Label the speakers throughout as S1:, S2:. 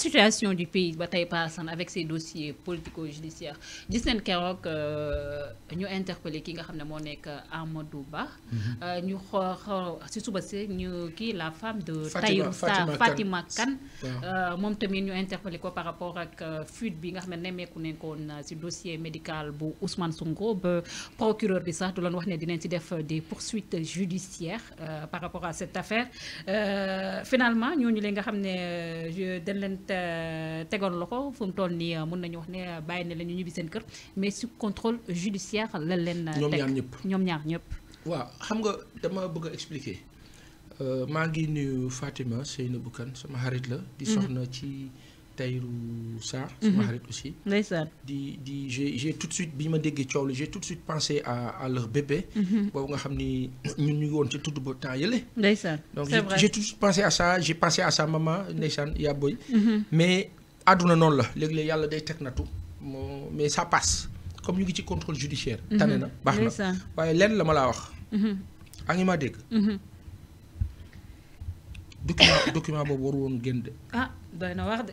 S1: situation du pays bataille tey paasan avec ces dossiers politico-judiciaires gis neen keroog euh, ñu interpellé ki nga xamné mo nek nekk Amadou Ba. Mhm. Euh, ñu xoo si suba ci ñu la femme de. Fatima Fatima kan Kane euh, moom tamit ñu interpellé ko par rapport ak fuite bi nga xam ne nemmeeku nañ ko si dossier médical bu Ousmane Sonko be procureur bi sax du loon wax ne dinañ ci def des poursuites judiciaires par rapport à cette affaire finalement ñu leen nga xamné ne dañ tégon loxo fum mu toll nii mun nañu wax né bàyyi na la ñu ñibbi seen kër mais sous contrôle judiciaire lan leen. teg ñoom ñaar ñëpp ñoom ñaar ñëpp.
S2: waaw xam nga dama bëgg expliquer euh maa ngi nuyu Fatima Seynabou Kane sama xarit la. di mhm. soxna ci. Taïrou Sarr. ça mhm. xarit aussi. ndeysaan di di j'ai j'ai tout de suite bi ma déggee coow j'ai tout de suite pensé à à leur bébé. Mhm. boobu nga xam ni ñun ñu ngi woon ci tudd ba temps yële.
S1: ndeysaan donc j'ai tout
S2: de suite pensé à ça j'ai pensé à sa maman ndeysaan yaa booy. Mhm. mais àdduna noonu la léeg-léeg yàlla day teg natu moo mais ça passe comme ñu ngi ci contrôle judiciaire. tane na baax na waaye lenn la ma laa wax. a ngi maa dégg. document document boobu waru woon
S1: ah doy na wax de.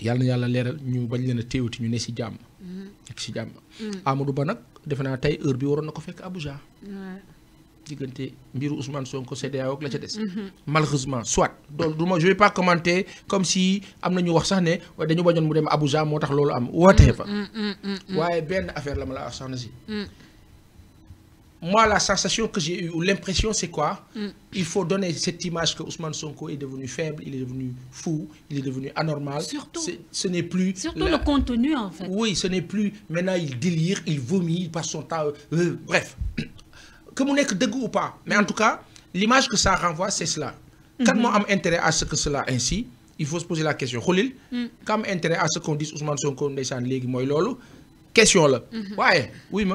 S2: yalla yalla yàlla ñu bañ leena téwuti téewati ñu ne si jàmm. nekk ci jamm Amadou Ba nak defe naa tey heure bi waron na ko fekk Abuja. diggante mbiru Ousmane Sonko CEDEAO ak la ca dess mm-hmm. malheureusement soit donc du je vais pas commenter comme si amna ñu wax sax né dañu bañon mu dem Abuja motax lolu am wootee fa. Mm-hmm. Mm-hmm. waaye benn affaire la ma sax na ci si moi, la sensation que j'ai eue, ou l'impression, c'est quoi mm. Il faut donner cette image que Ousmane Sonko est devenu faible, il est devenu fou, il est devenu anormal. Surtout. Ce n'est plus... Surtout le contenu, en fait. Oui, ce n'est plus... Maintenant, il délire, il vomit, il passe son temps... Euh, euh, bref. que mon que dégoût ou pas. Mais en tout cas, l'image que ça renvoie, c'est cela. Quand mm-hmm. moi, j'ai intérêt à ce que cela ainsi, il faut se poser la question. Khalil, mm. quand j'ai intérêt à ce qu'on dise Ousmane Sonko, il Légui, Moy, Lolo, question là. Mm-hmm. Ouais, oui, mais...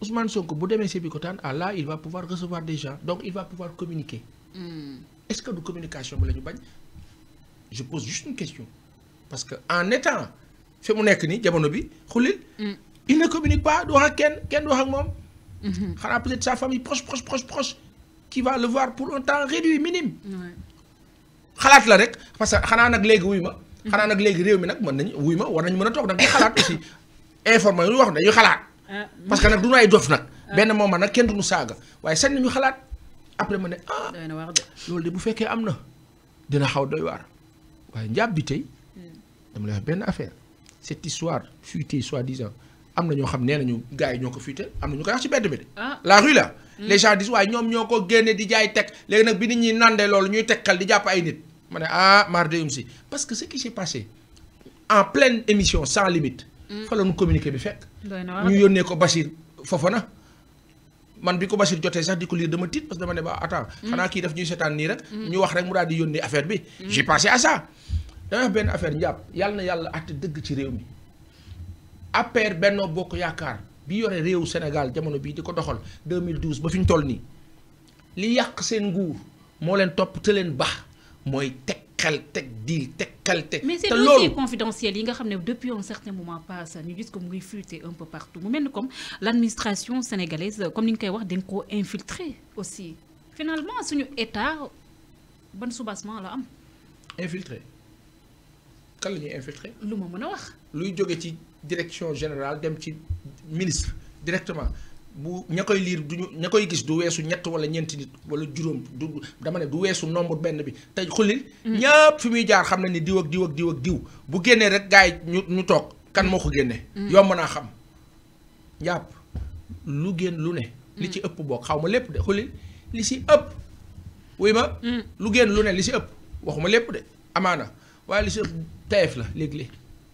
S2: Ousmane Sonko bu demee Bikotan, ah là il va pouvoir recevoir des gens donc il va pouvoir communiquer. Hmm. est-ce que nous communication bi la bañ. je pose juste une question parce que en étant fi mu nekk Diabonobi, jamono bi hmm. il ne communique pas du wax ak kenn kenn du wax hmm. peut-être sa famille proche proche proche proche qui va le voir pour un temps réduit minime. xalaat la rek parce que xanaa nag léegi wuy ma. il nag léegi réew mi nag mën nañu wuy ma war nañu mën a toog nag ñu xalaat aussi informer yu wax dañuy xalaat. Euh, parce que nak du ay dof nak euh. ben moment nak kenn du saga waye sen ñu xalat après ma ne ah. loolu de bu fekkee amna dina xaw doy war waye njaab bi tey hmm. dama lay wax affaire cette histoire fuitée soi-disant amna na ñoo xam nee nañu gars yi ñoo ko fuité am ñu ko wax ci bedd bi ah. la rue là. Hmm. les gens disent waye ñom ñoko ko di jaay teg légui nak bi nit ñi nandee loolu ñuy tegtal di japp ay nit ma ne ah mar de si parce que ce qui s'est passé en pleine émission sans limite. Hmm. fa la ñu communiquer bi fekk. ñu yónnee ko Bachir na man bi ko Bachir jotee sax di ko lire dama tiit parce que dama ne ba attends. Mm. xanaa kii def ñuy seetaan nii rek. Mm. ñu wax rek mu daal di yónnee affaire bi. Mm. j'ai pensé à ça. dama benn affaire njàpp yàlla na yàlla àtte dëgg ci réew mi APR Benno Bokk Yaakaar bi yore réewu senegal jamono bii di ko doxal 2012 ba fi ñu toll nii li yàq seen nguur moo leen topp te ba baax mooy teg. xel deal teg qualité. mais c'est aussi
S1: confidentiel yi nga depuis un certain moment passé ñu gis ko mu un peu partout mu comme l'administration sénégalaise comme ni nga dit, wax dañ infiltré aussi finalement suñu état ban soubassement la am.
S2: infiltré kan la ñuy infiltré. lu ma mën a wax. luy ci direction générale dem ci ministre directement. bu ña koy liir du ña koy gis du weesu ñett wala ñeenti nit wala juróom du dama ne du weesu nombre benn bi te xulil mm. ñëpp fi muy jaar xam na ni diw ak diw ak diw ak diw bu génnee rek gars yi ñu ñu toog kan moo ko génnee mm. yomb naa xam njàpp mm. lu génn lu ne li ci ëpp bokk xaw ma lépp de xulil li si ëpp wuy ma lu génn lu ne li si ëpp waxuma lépp de amaana waaye li si ëpp tayef la léeg-léeg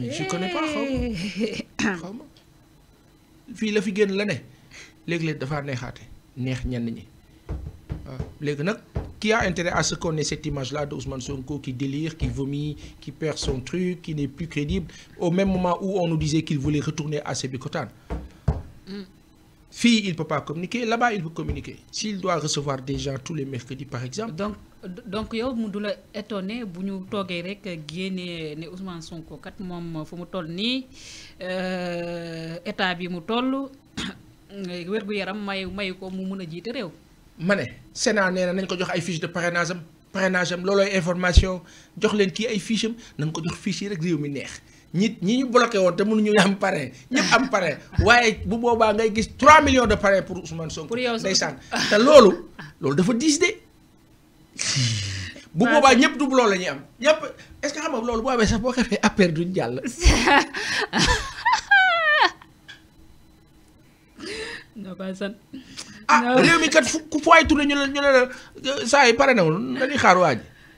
S2: je connais
S1: pas comment,
S2: eh. la fi la ne qui a intérêt à ce qu'on ait cette image-là d'Ousmane Sonko qui délire, qui vomit, qui perd son truc, qui n'est plus crédible, au même moment où on nous disait qu'il voulait retourner à Sébikotan. Hmm. Fi, il ne peut pas communiquer. Là-bas, il peut communiquer. S'il doit recevoir des gens tous les mercredis, par exemple. Donc,
S1: donc yow mu du étonné bu ñu toogee rek génnee ne Ousmane Sonko kat moom fu mu ni nii euh, état bi mu toll wér yaram may mayu ko mu ne
S2: Sénat nee na nañ ko jox ay fiche de parrainage parrainage am information jox leen kii ay fiche am nañ ko jox fiche rek réew mi neex. nit ñi ñu bloqué té mënu ñu am paré ñep am paré waaye bu boba ngay gis 3 millions de paré pour Ousmane Sonko. ndaysan té lolu lolu dafa 10 dé bu boba ñep du lolu lañu am ñep est ce que xam nga loolu boo sax bo ko fee affaire duñ jàll. non san. ah réew mi kat fu fu waay tourné ñu ñu la euh, saa paré na woon dañuy xaar waa